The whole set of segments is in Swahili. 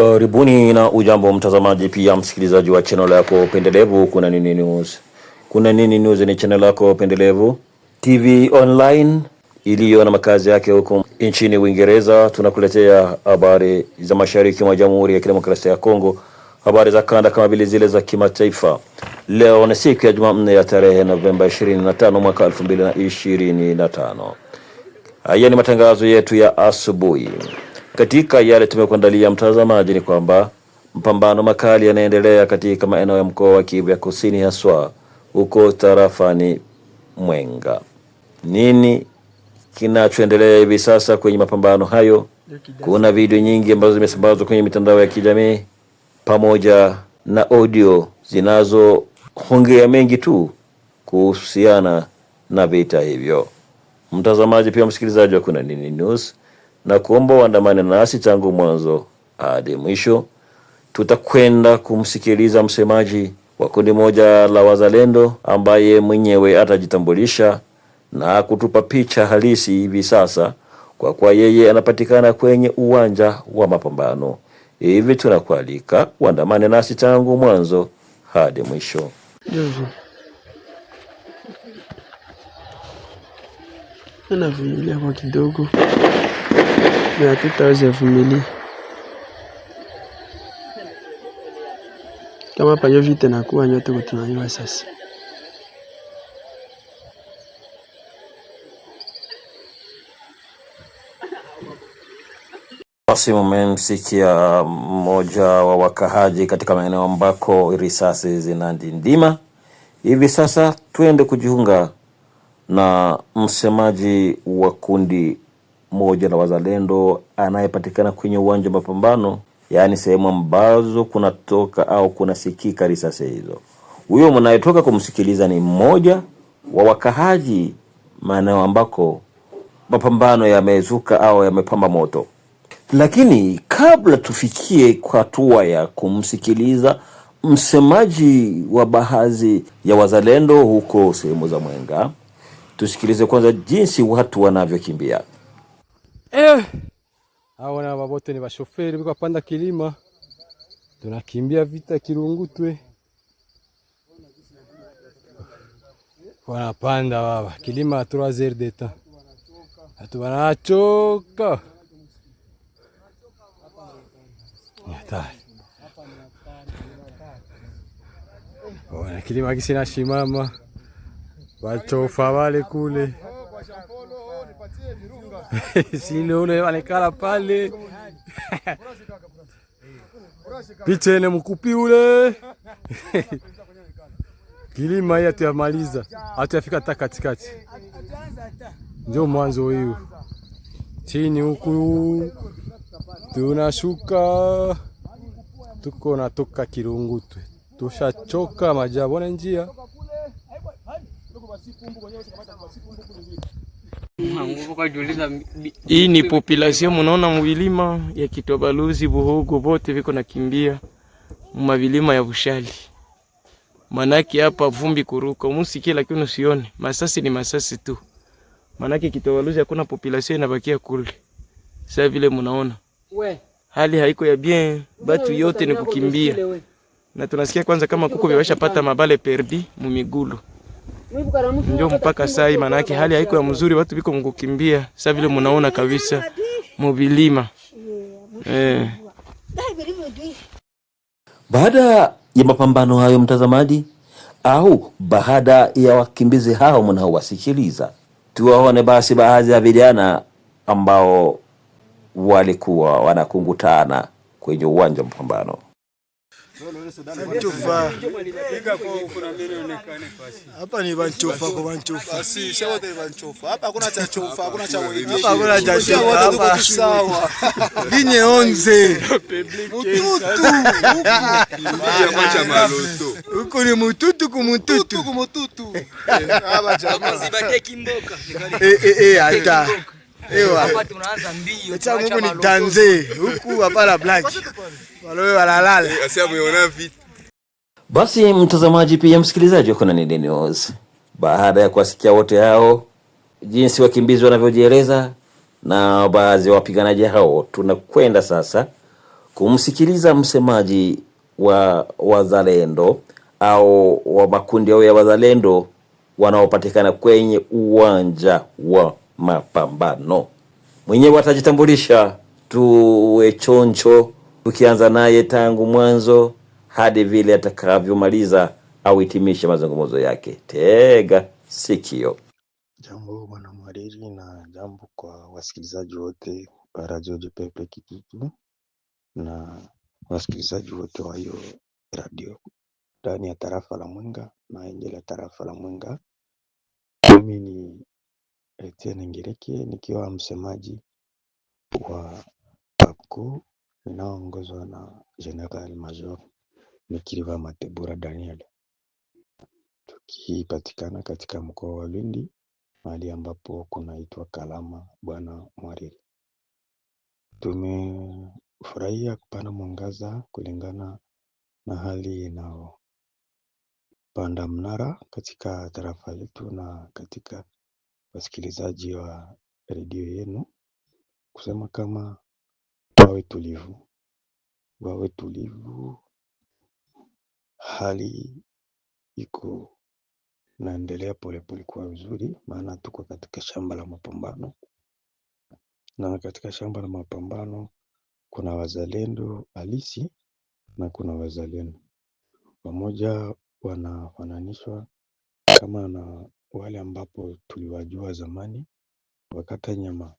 Karibuni na ujambo mtazamaji, pia msikilizaji wa channel yako pendelevu Kuna Nini News. Kuna Nini News ni channel yako pendelevu TV online iliyo na makazi yake huko nchini Uingereza. Tunakuletea habari za mashariki mwa Jamhuri ya Kidemokrasia ya Kongo, habari za kanda kama vile zile za kimataifa. Leo ni siku ya Jumanne ya tarehe Novemba 25 mwaka 2025. Haya ni matangazo yetu ya asubuhi. Katika yale tumekuandalia mtazamaji, ni kwamba mpambano makali yanaendelea katika maeneo ya mkoa wa Kivu ya Kusini, haswa huko tarafani Mwenga. Nini kinachoendelea hivi sasa kwenye mapambano hayo? Kuna video nyingi ambazo zimesambazwa kwenye mitandao ya kijamii pamoja na audio zinazoongea mengi tu kuhusiana na vita hivyo. Mtazamaji pia msikilizaji wa Kuna Nini News, na kuomba waandamane nasi tangu mwanzo hadi mwisho. Tutakwenda kumsikiliza msemaji wa kundi moja la wazalendo ambaye mwenyewe atajitambulisha na kutupa picha halisi hivi sasa, kwa kuwa yeye anapatikana kwenye uwanja wa mapambano. Hivi tunakualika uandamane nasi tangu mwanzo hadi mwisho. Anavumilia kwa kidogo mais à hatutaweza vumilia kama panyo vite nakuwa nyote tuko tunanyua sasa. Basi mumemsikia uh, mmoja wa wakahaji katika maeneo ambako risasi zinadindima hivi sasa. Tuende kujiunga na msemaji wa kundi moja la wazalendo anayepatikana kwenye uwanja wa mapambano, yaani sehemu ambazo kunatoka au kunasikika risasi hizo. Huyo mnayetoka kumsikiliza ni mmoja wa wakahaji maeneo ambako mapambano yamezuka au yamepamba moto. Lakini kabla tufikie kwa hatua ya kumsikiliza msemaji wa baadhi ya wazalendo huko sehemu za Mwenga, tusikilize kwanza jinsi watu wanavyokimbia. Eh, Awa na babote ni bashoferi biko panda kilima, tunakimbia vita Kirungutwe, wanapanda baba kilima ya trois hatu de temps, wanachoka kilima kisina shimama, bachofa wale kule Sile ule anekala pale picha ene mkupi ule kilima hii atuyamaliza, atuyafika hata katikati, ndio mwanzo huyu. Chini huku tunashuka, tuko natoka Kirungutwe, tushachoka majabu na njia hii ni population munaona muvilima ya Kitobaluzi, Buhogo bote viko nakimbia mavilima ya Bushali. Manake hapa vumbi kuruka, musikie lakini usione. Masasi ni masasi tu. Manake Kitobaluzi hakuna population inabakia kule. Sasa vile munaona. We. Hali haiko ya bien, batu yote ni kukimbia. Na tunasikia kwanza kama kuko vimeshapata mabale perdi mumigulu ndio mpaka sai, manake hali haiko ya mzuri, watu biko mkukimbia sasa vile munaona kabisa mobilima eh. Baada ya mapambano hayo mtazamaji, au baada ya wakimbizi hao mnaowasikiliza, tuwaone basi baadhi ya vijana ambao walikuwa wanakungutana kwenye uwanja wa mapambano. Bantufa. Hapa ni bantufa kwa bantufa. Si Hapa hakuna cha chufa, Hapa sawa. Binye onze. Mututu. Ndio macha ni mututu kumututu. kumututu. Eh, eh, eh, hata. Mungu ni huku walowe Basi mtazamaji pia msikilizaji wa Nini News, baada ya kuwasikia wote hao jinsi wakimbizi wanavyojieleza na baadhi ya wapiganaji hao, tunakwenda sasa kumsikiliza msemaji wa wazalendo au wa makundi yao ya wazalendo wanaopatikana kwenye uwanja wa mapambano. Mwenyewe atajitambulisha, tuwe choncho, tukianza naye tangu mwanzo hadi vile atakavyomaliza au hitimisha mazungumzo yake. Tega sikio. Jambo bwana mhariri, na jambo kwa wasikilizaji wote wa Radio Jipepe Kijiji na wasikilizaji wote wa hiyo radio ndani ya tarafa la Mwenga na nje ya tarafa la Mwenga. Mimi ni Etienne Ngereke nikiwa msemaji wa PAPCO inayoongozwa na General Major Mikiliva Matebura Daniel, tukipatikana katika mkoa wa Lindi mahali ambapo kunaitwa Kalama Bwana Mwariri. Tumefurahia kupanda mwangaza kulingana na hali inayopanda mnara katika tarafa letu na katika wasikilizaji wa redio yenu kusema kama wawe tulivu, wawe tulivu. Hali iko naendelea polepole kuwa vizuri, maana tuko katika shamba la mapambano, na katika shamba la mapambano kuna wazalendo halisi na kuna wazalendo wamoja wanafananishwa kama na wale ambapo tuliwajua zamani wakata nyama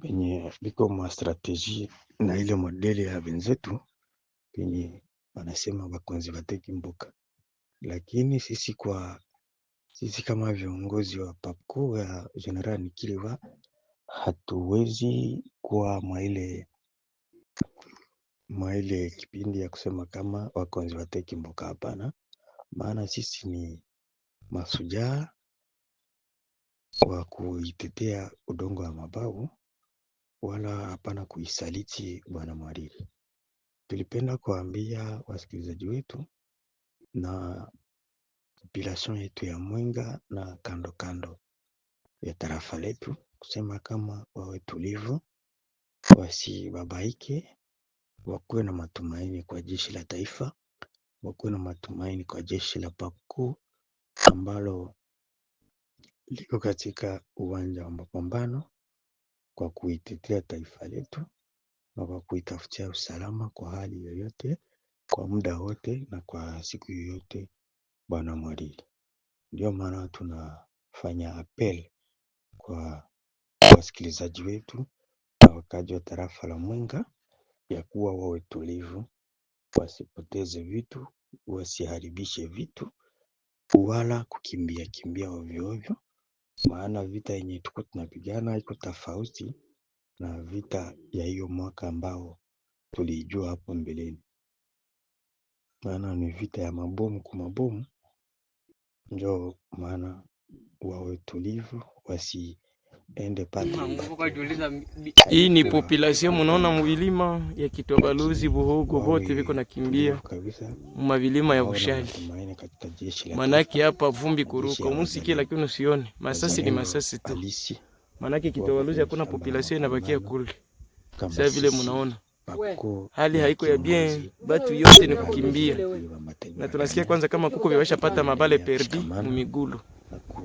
penye biko mastrateji na ile modeli ya wenzetu penye wanasema bakonzi bateki mboka, lakini sisi kwa sisi kama viongozi wa pakuu ya General Nikiliva hatuwezi kuwa mwaile mwaile kipindi ya kusema kama wakonzi wateki mboka, hapana. Maana sisi ni mashujaa kwa kuitetea udongo wa mabavu wala hapana kuisaliti Bwana Mwariri. Tulipenda kuambia wasikilizaji wetu na population yetu ya Mwenga na kando kando ya tarafa letu kusema kama wawe tulivu, wasibabaike, wakuwe na matumaini kwa jeshi la taifa, wakuwe na matumaini kwa jeshi la pakuu ambalo liko katika uwanja wa mapambano kwa kuitetea taifa letu na kwa kuitafutia usalama kwa hali yoyote, kwa muda wote na kwa siku yoyote Bwana mwalili Ndio maana tunafanya apel kwa wasikilizaji wetu na wakaaji wa tarafa la Mwenga ya kuwa wawe tulivu, wasipoteze vitu, wasiharibishe vitu wala kukimbia kimbia ovyo ovyo, maana vita yenye tuko tunapigana iko tofauti na vita ya hiyo mwaka ambao tuliijua hapo mbeleni, maana ni vita ya mabomu kwa mabomu. Njo maana wawe tulivu, wasi ende pata. Hii ni population munaona muvilima ya Kitobaluzi, Buhogo bote viko nakimbia mumavilima ya Bushali, manake hapa vumbi kuruka umusikie, lakini usione masasi ni masasi tu, manake Kitobaluzi hakuna population inabakia kule. Sasa vile munaona hali haiko ya bien, batu yote ni kukimbia, na tunasikia kwanza kama kuko vyawashapata mabale perdi mumigulu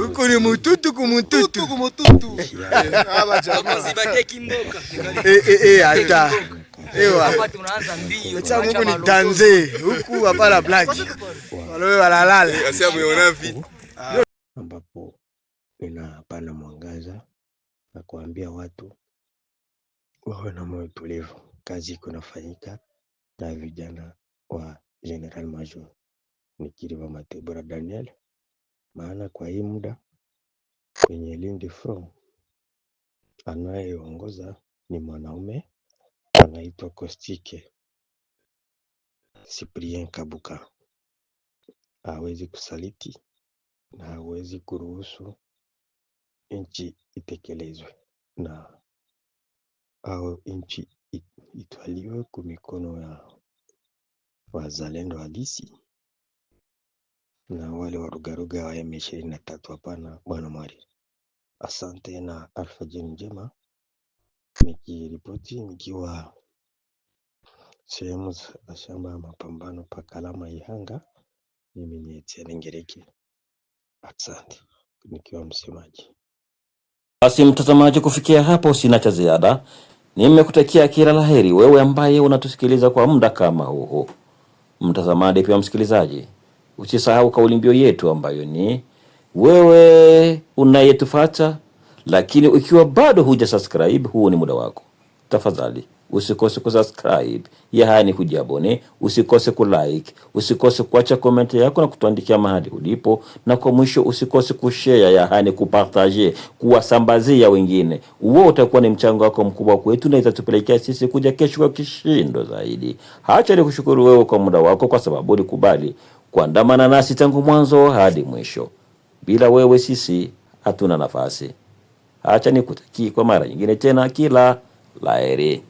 Huku ni mututu kumututu. Kumututu. Eh, eh, eh, eh, hata. Ewa. Hapa Mungu ni tanze. Huku hapa la black. Walowe walalala. Asia muona vitu Ambapo inapana mwangaza na kuambia watu wawe na moyo tulivu. Kazi iko inafanyika na vijana wa General Major Nikiriva Matebura Daniel maana kwa hii muda kwenye Lindi Flow anayeongoza ni mwanaume anaitwa Kostike Cyprien Kabuka. Hawezi kusaliti na hawezi kuruhusu nchi itekelezwe na au nchi itwaliwe kwa mikono ya wazalendo halisi na wale warugaruga wa M23. Hapana bwana Mwari, asante na alfajiri njema, nikiripoti nikiwa sehemu za shamba ya mapambano pa Kalama Ihanga. Mimi ni Etienne asante nikiwa msemaji. Basi mtazamaji, kufikia hapo sina cha ziada, nimekutakia kila laheri wewe ambaye unatusikiliza kwa muda kama huu. Mtazamaji pia msikilizaji usisahau kauli mbio yetu ambayo ni wewe unayetufata lakini ukiwa bado huja subscribe, huu ni muda wako. Tafadhali usikose kusubscribe, yaani kujiabone, usikose kulike, usikose kuacha komenti yako na kutuandikia mahali ulipo, na kwa mwisho usikose kushare, yaani kupartage, kuwasambazia wengine. Huo utakuwa ni mchango wako mkubwa kwetu na itatupelekea sisi kuja kesho kwa kishindo zaidi. Hacha ni kushukuru wewe kwa muda wako, kwa sababu kubali kuandamana nasi tangu mwanzo hadi mwisho. Bila wewe sisi hatuna nafasi. Acha nikutakie kwa mara nyingine tena kila laheri.